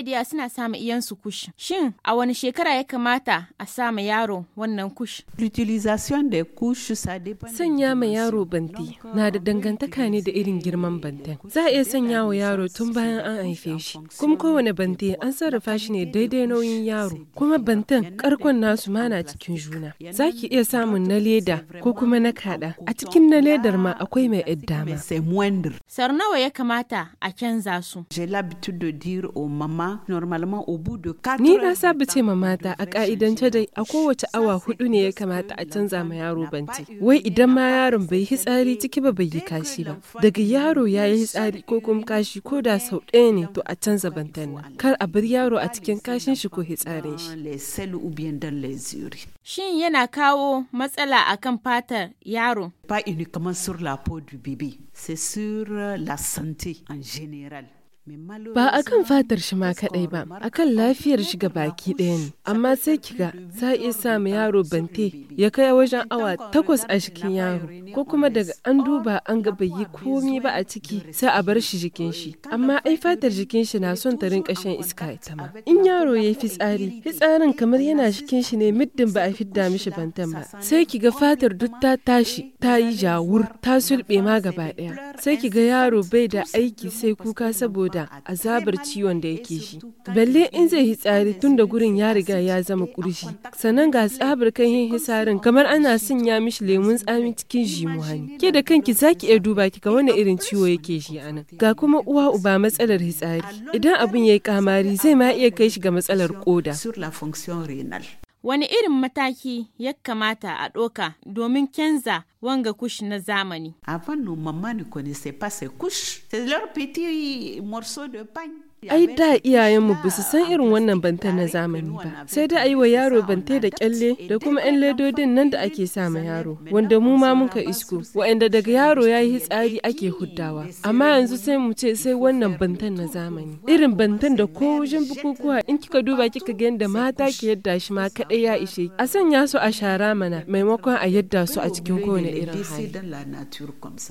iyaye da suna sama iyansu kush. Shin a wani shekara ya kamata a sama yaro wannan kush? Sanya ma yaro banti na da dangantaka ne da irin girman banten. Za a iya sanya wa yaro tun bayan an haife shi. Kuma kowane banti an sarrafa shi ne daidai nauyin yaro. Kuma banten karkon nasu ma na cikin juna. Za ki iya samun na leda ko kuma na kada. A cikin na ledar ma akwai mai yadda ma. Sar nawa ya kamata a canza su? J'ai l'habitude de dire mama ma normalement au bout de Ni na saba ce ma mata a ka'idance dai a kowace awa hudu ne ya kamata a canza ma yaro banci. Wai idan ma yaron bai yi tsari ciki ba bai yi kashi ba. Daga yaro ya yi tsari ko kuma kashi ko da eh, sau ɗaya ne to a canza bantan nan. Kar a bar yaro a cikin kashin shi ko hitsarin shi. Shin yana kawo matsala akan fatar yaro? Ba uniquement sur la peau du c'est sur euh, la santé en général. Ba a kan fatar shi ma kaɗai ba, a kan lafiyar shi ga baki ɗaya ne. Amma sai kiga za a iya samu yaro bante ya kai wajen awa takwas a cikin yaro, ko kuma daga an duba an ga bai yi komi ba a ciki sai a bar shi jikin shi. Amma ai fatar jikin shi na son ta rinka shan iska ita ma. In yaro ya yi fitsari, fitsarin kamar yana cikin shi ne middin ba a fidda mishi bantan ba. Sai kiga fatar duk ta tashi, ta yi jawur, ta sulɓe ma gaba ɗaya. Sai kiga yaro bai da aiki sai kuka saboda da azabar ciwon da yake shi balle in zai hitsari tun da gurin ya riga ya zama kurshi sannan ga tsabar kan yin hisarin kamar ana sanya mishi lemun tsami cikin jimuhani ke da kanki zaki iya duba ki ga wani irin ciwo yake shi anan ga kuma uwa uba matsalar hitsari idan abin ya yi kamari zai ma iya kai shi ga matsalar koda Wani irin mataki ya kamata a ɗoka domin kenza wanga kush na zamani? Avant, nous mamans ne connaissaient pas ces couches. C'est leur petit morceau de pain. Ai da iyayenmu ba su san irin wannan banta na zamani ba. Sai da yi wa yaro bante da kyalle da kuma 'yan ledodin nan da ake sa ma yaro, wanda mu ma muka isko, wa'anda daga yaro ya yi hitsari ake huddawa. Amma yanzu sai mu ce sai wannan bantan na zamani. Irin bantan da ko wajen bukukuwa in kika duba kika ga yadda mata ke yadda shi ma kaɗai ya ishe. A sanya su a shara mana maimakon a yadda su a cikin kowane irin hali.